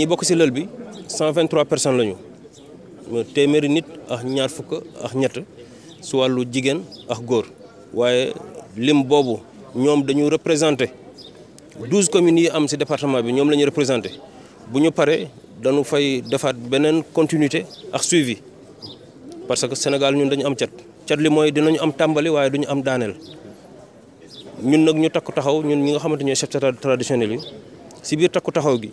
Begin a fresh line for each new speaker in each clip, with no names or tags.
ñi bokk ci lël bi 123 personnes lañu téeméeri nit ak ñaar fukk ak ñett si walu jigen ak gor, waye lim bobu ñom dañu représenter 12 communes yi am ci département bi ñom lañu représenter représenté bu ñu dañu fay defaat benen continuité ak suivi parce que Sénégal ñun dañu am ciat ciat li moy dinañu am tambali waye duñu am danel ñun nak ñu takku taxaw ñun ñi nga xamanteni ñoy chef traditionnel yi ci biir takku taxaw gi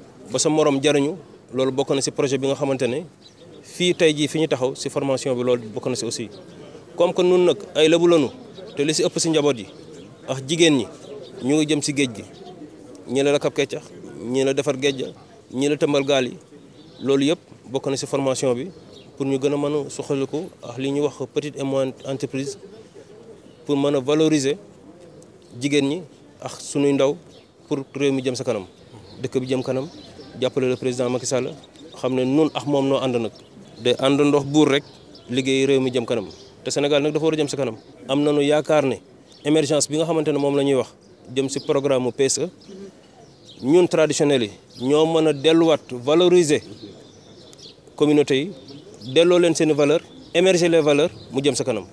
ba sa morom jariñu loolu bokk na si projet bi nga xamante ne fii tey jii fi ñu taxaw si formation bi loolu bokk na si aussi comme que nun nag ay lébu lanu te li si ëpp si njaboot yi ak jigéen ñi ñu ngi jëm si géej gi ñi la rakkab keccax ñi la defar géej ñi la tëmbal gaal yi loolu yëpp bokk na si formation bi pour ñu gën a mën a soxaliku ak li ñuy wax petite et moyenne entreprise pour mën a valoriser jigéen ñi ak sunuy ndaw pour réew mi jëm sa kanam dëkk bi jëm kanam jàppale le président Macky Sall xam ne nun ax moom noo ànd nag de ànd ndox buur rek liggéey réew mi jëm kanam te Sénégal nag dafa war a jëm si kanam am na nañu yaakaar ne émergence bi nga xamante ne moom la ñuy wax jëm si programme mu PSE ñun traditionnels yi ñoo mën a delluwaat valoriser communauté yi delloo leen seen valeur émerger les valeur mu jëm sa kanam